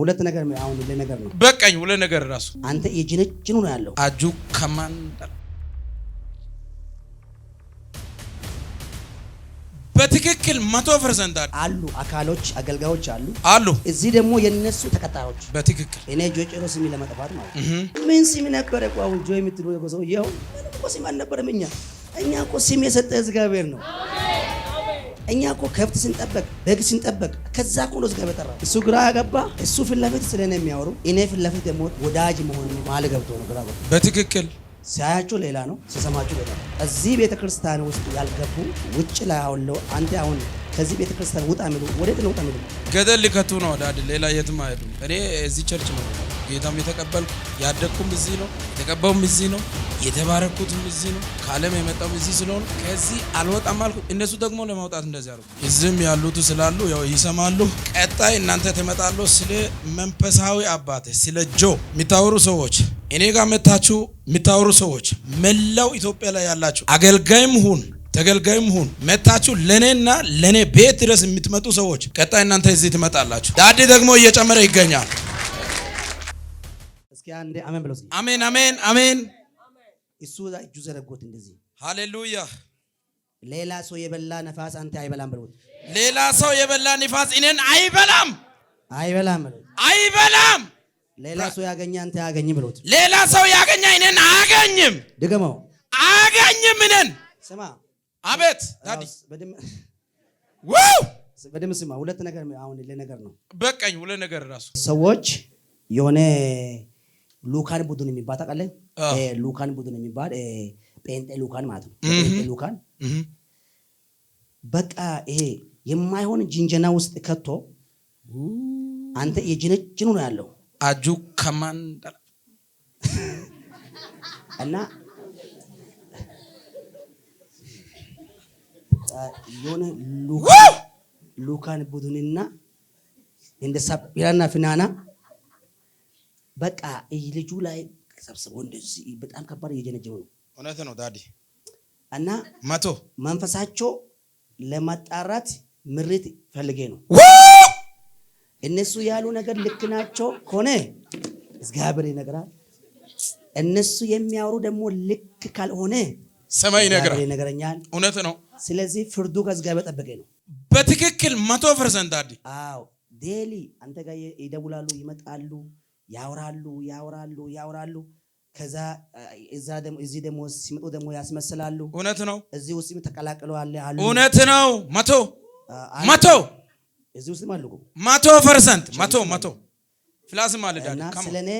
ሁለት ነገር አሁን ነው በቃኝ። ሁለት ነገር ራሱ አንተ የጅነጭኑ ነው ያለው አጁ ከማንደር በትክክል መቶ ፐርሰንት አሉ። አካሎች አገልጋዮች አሉ አሉ። እዚህ ደግሞ የነሱ ተከታዮች በትክክል እኔ ጆጭሮ ስሚ ለመጥፋት ማለት ምን ስሚ ነበረ አሁን ጆ የምትሉ ሰው ይኸው ምንም እኮ ስም አልነበረም። እኛ እኛ እኮ ስም የሰጠ እግዚአብሔር ነው። እኛ እኮ ከብት ስንጠበቅ በግ ስንጠበቅ ከዛ እኮ ነው ስጋ በጠራ እሱ ግራ ያገባ እሱ ፊት ለፊት ስለኔ የሚያወሩ እኔ ፊት ለፊት ደግሞ ወዳጅ መሆን ማል ገብቶ ነው ግራ በትክክል ሲያያችሁ ሌላ ነው፣ ሲሰማችሁ ሌላ ነው። እዚህ ቤተ ክርስቲያን ውስጥ ያልገቡ ውጭ ላይ አውለው አንተ አሁን ከዚህ ቤተ ክርስቲያን ውጣ የሚሉ ወደ ነው ውጣ የሚሉ ገደል ሊከቱ ነው ወዳድ ሌላ የትም አይሄዱም። እኔ እዚህ ቸርች ነው ጌታም የተቀበልኩ ያደግኩም እዚህ ነው፣ የተቀበውም እዚህ ነው፣ የተባረኩትም እዚህ ነው፣ ከዓለም የመጣውም እዚህ ስለሆነ ከዚህ አልወጣም አልኩ። እነሱ ደግሞ ለማውጣት እንደዚህ አሉ። እዚህም ያሉት ስላሉ ያው ይሰማሉ። ቀጣይ እናንተ ትመጣለ ስለ መንፈሳዊ አባቴ ስለ ጆ የሚታወሩ ሰዎች እኔ ጋር መታችሁ የሚታወሩ ሰዎች መላው ኢትዮጵያ ላይ ያላችሁ አገልጋይም ሁን ተገልጋይም ሁን መታችሁ ለእኔና ለእኔ ቤት ድረስ የምትመጡ ሰዎች ቀጣይ እናንተ እዚህ ትመጣላችሁ። ዳዴ ደግሞ እየጨመረ ይገኛል። እስኪ አንዴ አሜን ብለው። አሜን አሜን አሜን። እሱ እጁ ዘረጎት እንደዚህ። ሃሌሉያ። ሌላ ሰው የበላ ነፋስ አንተ አይበላም ብለውት፣ ሌላ ሰው የበላ ነፋስ እኔን አይበላም አይበላም አይበላም። ሌላ ሰው ያገኘ አንተ አያገኝም ብለውት፣ ሌላ ሰው ያገኘ እኔን አያገኝም። ድገመው። አያገኝም እኔን። ስማ። አቤት ዳዲ በደምብ ስማ። ሁለት ነገር አሁን ለነገር ነው በቃኝ። ሁለት ነገር ራሱ ሰዎች የሆነ ሉካን ቡድን የሚባል ታውቃለህ? ሉካን ቡድን የሚባል ጴንጤ ሉካን ማለት ነው። ጴንጤ ሉካን በቃ ይሄ የማይሆን ጅንጀና ውስጥ ከቶ አንተ የጅነጅኑ ነው ያለው አጁ ከማን እና የሆነ ሉካን ቡድንና እንደሳ ቢራና ፍናና በቃ ልጁ ላይ ሰብስቦ እንደዚህ በጣም ከባድ እየጀነጀኑ ነው። እውነት ነው ዳዲ እና መቶ መንፈሳቸው ለማጣራት ምሪት ፈልጌ ነው። እነሱ ያሉ ነገር ልክ ናቸው ከሆነ እግዚአብሔር ይነግራል። እነሱ የሚያወሩ ደግሞ ልክ ካልሆነ ሰማይ ይነግረኛል። እውነት ነው። ስለዚህ ፍርዱ ከእግዚአብሔር ጠበቀ ነው። በትክክል መቶ ፐርሰንት ዳዲ። አዎ ዴሊ አንተ ጋር ይደውላሉ፣ ይመጣሉ ያወራሉ ያወራሉ ያወራሉ። ከዛ እዛ ደግሞ እዚህ ደግሞ ሲመጡ ደግሞ ያስመስላሉ። እውነት ነው። እዚህ ውስጥ ተቀላቅለው አለ አሉ። እውነት ነው። መቶ መቶ እዚህ ውስጥ አሉ። መቶ ፐርሰንት መቶ መቶ ፍላስም አለ እና ስለኔ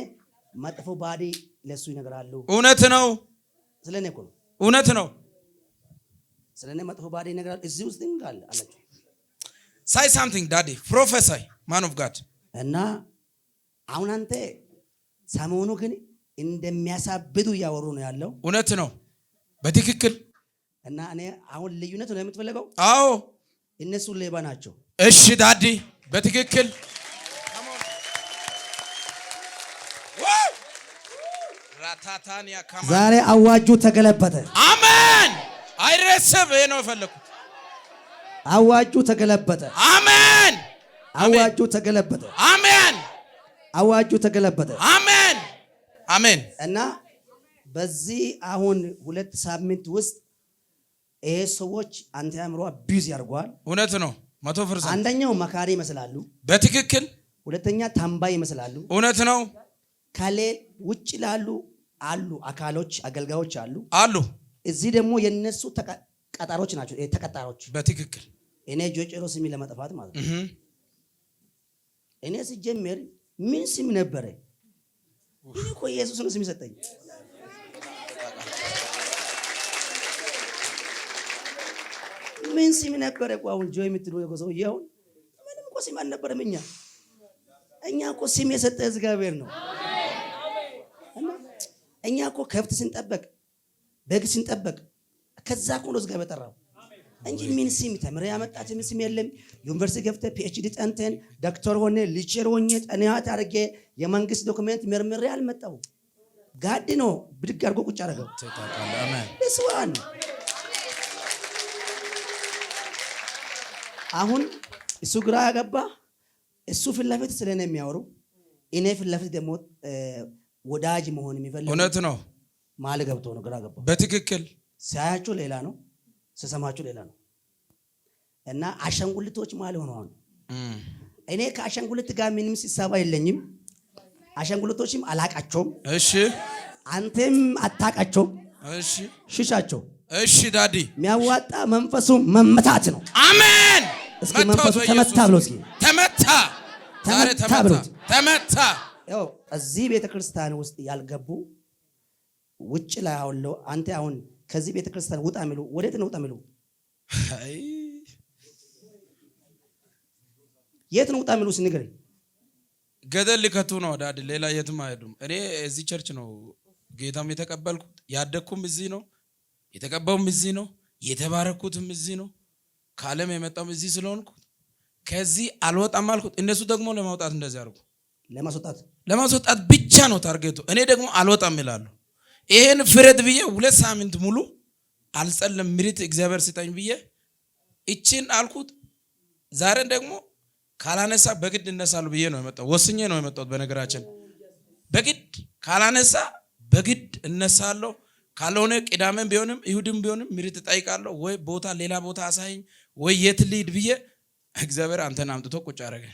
መጥፎ ባዲ ለሱ ይነግራሉ። እውነት ነው። ስለኔ እኮ ነው። እውነት ነው። ስለኔ መጥፎ ባዲ ይነግራሉ። እዚህ ውስጥ ይንጋል አለ ሳይ ሳምቲንግ ዳዲ ፕሮፌሰር ማን ኦፍ ጋድ እና አሁን አንተ ሰሞኑ ግን እንደሚያሳብዱ እያወሩ ነው ያለው። እውነት ነው በትክክል እና እኔ አሁን ልዩነት ነው የምትፈልገው? አዎ እነሱ ሌባ ናቸው። እሺ ዳዲ በትክክል ዛሬ አዋጁ ተገለበተ። አሜን። አይረሰብ ይሄ ነው የፈለኩት። አዋጁ ተገለበጠ። አሜን። አዋጁ ተገለበጠ። አሜን። አዋጁ ተገለበጠ። አሜን አሜን። እና በዚህ አሁን ሁለት ሳምንት ውስጥ ይሄ ሰዎች አንተ አእምሮ ቢዝ ያርጓል። እውነት ነው መቶ ፐርሰንት። አንደኛው መካሪ ይመስላሉ በትክክል ሁለተኛ ታምባይ ይመስላሉ። እውነት ነው። ከሌል ውጭ ላሉ አሉ አካሎች አገልጋዮች አሉ አሉ። እዚህ ደግሞ የነሱ ቀጣሮች ናቸው ተቀጣሮች በትክክል እኔ ጆጭሮ ስሚ ለመጥፋት ማለት ነው እኔ ሲጀምር ምን ስም ነበረ? እኔ እኮ ኢየሱስ ነው ስም ሰጠኝ። ምን ስም ነበረ? አሁን ጆ የምትሉ ሰው አሁን ምንም እኮ ስም አልነበረም። እኛ እኛ እኮ ስም የሰጠ እግዚአብሔር ነው። እኛ እኮ ከብት ስንጠበቅ፣ በግ ስንጠበቅ ከዛ እኮ ነው እግዚአብሔር ጠራው እንጂ ምን ስም ተምረ ያመጣት ምን ስም የለም። ዩኒቨርሲቲ ገብተ ፒኤችዲ ጠንተን ዶክተር ሆነ ሊቸር ሆኜ ጠንያት አድርጌ የመንግስት ዶክመንት መርምሬ አልመጣው። ጋድ ነው ብድግ አድርጎ ቁጭ አደረገው። ስዋን አሁን እሱ ግራ ያገባ እሱ ፊት ለፊት ስለኔ የሚያወሩ እኔ ፊት ለፊት ደግሞ ወዳጅ መሆን የሚፈልግ እውነት ነው። ማል ገብቶ ነው ግራ ገባ። በትክክል ሲያያቸው ሌላ ነው ስሰማችሁ ሌላ ነው እና አሻንጉልቶች ማለ ሆነዋል። እኔ ከአሸንጉልት ጋር ምንም ሲሳባ የለኝም። አሸንጉልቶችም አላቃቸውም። እሺ፣ አንተም አታቃቸውም። እሺ፣ ሽሻቸው። እሺ፣ ዳዲ የሚያዋጣ መንፈሱ መመታት ነው። አሜን። እስኪ መንፈሱ ተመታ ብሎ እስኪ ተመታ ተመታ ብሎ ተመታ። ያው እዚህ ቤተክርስቲያን ውስጥ ያልገቡ ውጭ ላይ አውለው አንተ አሁን ከዚህ ቤተክርስቲያን ውጣ የሚሉ ወዴት ነው ውጣ የሚሉ? የት ነው ውጣ የሚሉ ስንገረኝ ገደል ሊከቱ ነው ዳድ ሌላ የትም አይሄዱም። እኔ እዚህ ቸርች ነው ጌታም የተቀበልኩት። ያደግኩም እዚህ ነው፣ የተቀባውም እዚህ ነው፣ የተባረኩትም እዚህ ነው። ከአለም የመጣም እዚህ ስለሆንኩት ከዚህ አልወጣም አልኩት። እነሱ ደግሞ ለማውጣት እንደዚህ አድርጉ፣ ለማስወጣት ለማስወጣት ብቻ ነው ታርጌቱ። እኔ ደግሞ አልወጣም ይላሉ። ይሄን ፍረድ ብዬ ሁለት ሳምንት ሙሉ አልጸለም። ምሪት እግዚአብሔር ስጠኝ ብዬ እችን አልኩት። ዛሬን ደግሞ ካላነሳ በግድ እነሳሉ ብዬ ነው የመጣው ወስኜ ነው የመጣሁት። በነገራችን በግድ ካላነሳ በግድ እነሳለሁ። ካልሆነ ቅዳሜን ቢሆንም ይሁድም ቢሆንም ምሪት እጠይቃለሁ። ወይ ቦታ ሌላ ቦታ አሳይኝ፣ ወይ የት ልሂድ ብዬ እግዚአብሔር አንተን አምጥቶ ቁጭ አረገ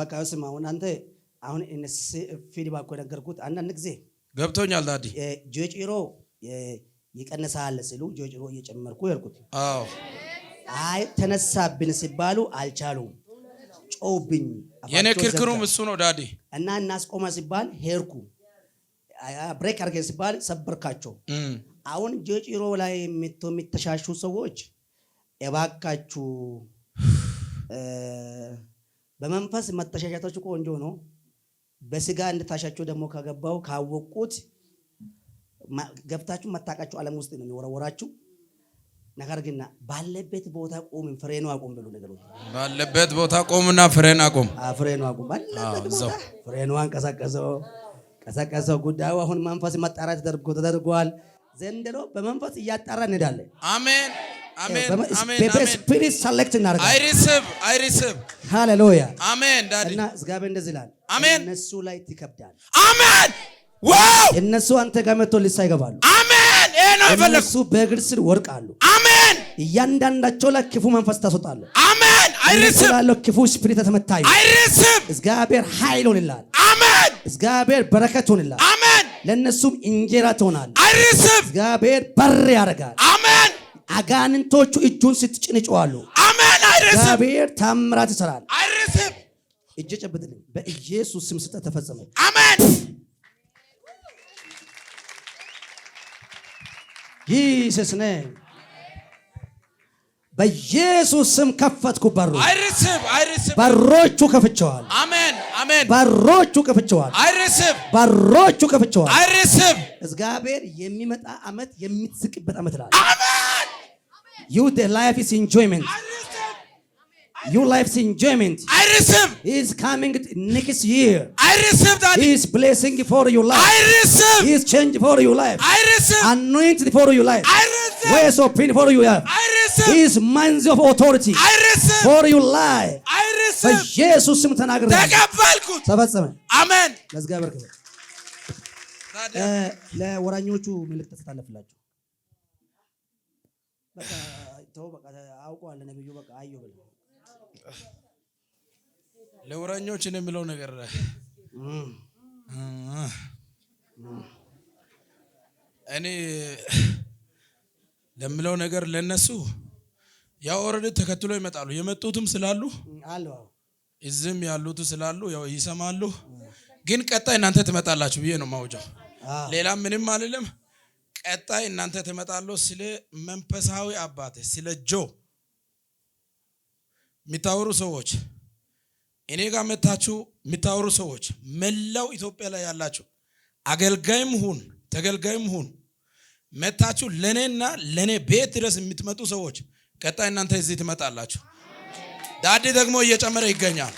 በቃ ስማ፣ አሁን አንተ አሁን ፊድባክ ነገርኩት አንዳንድ ጊዜ ገብቶኛል ዳዲ። ጆጭሮ ይቀንሳል ስሉ ጆጭሮ እየጨመርኩ ያልኩት። አዎ አይ ተነሳብን ሲባሉ አልቻሉም፣ ጮውብኝ። የኔ ክርክሩም እሱ ነው ዳዲ። እና እናስቆመ ሲባል ሄርኩ፣ ብሬክ አድርገን ሲባል ሰበርካቸው። አሁን ጆጭሮ ላይ የሚቶ የሚተሻሹ ሰዎች እባካችሁ በመንፈስ መተሻሻታችሁ ቆንጆ ነው። በስጋ እንድታሻቸው ደግሞ ከገባው ካወቁት ገብታችሁ መታቃችሁ ዓለም ውስጥ ነው የሚወረወራችሁ። ነገር ግን ባለበት ቦታ ቆም፣ ፍሬኑ አቁም ብሉ ነገሮች ባለበት ቦታ ቆምና ፍሬን አቁም፣ ፍሬኑ አቁም ባለበት ቦታ ፍሬኑ አንቀሳቀሰው ቀሰቀሰው። ጉዳዩ አሁን መንፈስ ማጣራት ተደርጎ ተደርጓል። ዘንድሮ በመንፈስ እያጣራ እንሄዳለን። አሜን። ስፒሪት ሰሌክት እናደርጋለን። ሃሌሉያ እና እግዚአብሔር እንደዚህ ይላል፣ እነሱ ላይ ትከብዳል። አሜን። እነሱ አንተ ጋር መጥቶ ልሳ ይገባሉ። አሜን። እነሱ በእግር ስር ወድቃሉ። አሜን። እያንዳንዳቸው ላይ ክፉ መንፈስ ታስወጣለህ። አሜን። አይርስም ክፉ ስፒሪት ተመታዩ። አይርስም እግዚአብሔር ኃይል ሆንላል። አሜን። እግዚአብሔር በረከት ሆንላል። አሜን። ለእነሱም እንጀራ ትሆናል። አይርስም እግዚአብሔር በር ያደርጋል። አሜን አጋንንቶቹ እጁን ስትጭን ይጮዋሉ። አሜን። አይርስም። እግዚአብሔር ታምራት ይሰራል። አይርስም። እጄ ጨብጥልኝ። በኢየሱስ ስም ስጠት ተፈጸመ። አሜን። ይስስ ነ በኢየሱስ ስም ከፈትኩ በሩ። አይርስም። አይርስም። በሮቹ ከፍቸዋል። አሜን። አሜን። በሮቹ ከፍቸዋል። አይርስም። በሮቹ ከፍቸዋል። አይርስም። እግዚአብሔር የሚመጣ ዓመት የምትስቅበት ዓመት You, the life is enjoyment. Your life's enjoyment. I receive. is coming next year. I receive that. is blessing for your life. I receive. is change for your life. I receive. Anointed for your life. I receive. Ways of pain for your life. I receive. His is minds of authority. I receive. For your life. I receive. በኢየሱስ ስም ተናግረ ተቀበልኩት። ተፈጸመ። Let's ክብር። Let's go. Eh, አውቀዋለሁ። ነብዩ በቃ አየሁ ለውረኞች የሚለው ነገር እኔ ለምለው ነገር ለነሱ ያው ኦልሬዲ ተከትሎ ይመጣሉ። የመጡትም ስላሉ እዚህም ያሉት ስላሉ ያው ይሰማሉ። ግን ቀጣይ እናንተ ትመጣላችሁ ብዬ ነው ማውጃው። ሌላ ምንም አልልም። ቀጣይ እናንተ ትመጣለሁ። ስለ መንፈሳዊ አባት ስለ ጆ የሚታወሩ ሰዎች እኔ ጋር መታችሁ የሚታወሩ ሰዎች መላው ኢትዮጵያ ላይ ያላችሁ አገልጋይም ሁን ተገልጋይም ሁን መታችሁ ለእኔና ለእኔ ቤት ድረስ የምትመጡ ሰዎች ቀጣይ እናንተ እዚህ ትመጣላችሁ። ዳዴ ደግሞ እየጨመረ ይገኛል።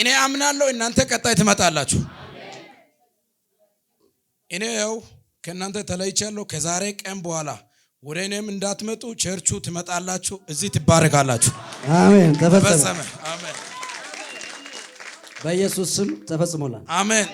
እኔ አምናለሁ እናንተ ቀጣይ ትመጣላችሁ። እኔ ያው ከእናንተ ተለይቻለሁ። ከዛሬ ቀን በኋላ ወደ እኔም እንዳትመጡ ቸርቹ ትመጣላችሁ፣ እዚህ ትባረካላችሁ። አሜን። ተፈጸመ። አሜን። በኢየሱስ ስም ተፈጽሞላል። አሜን።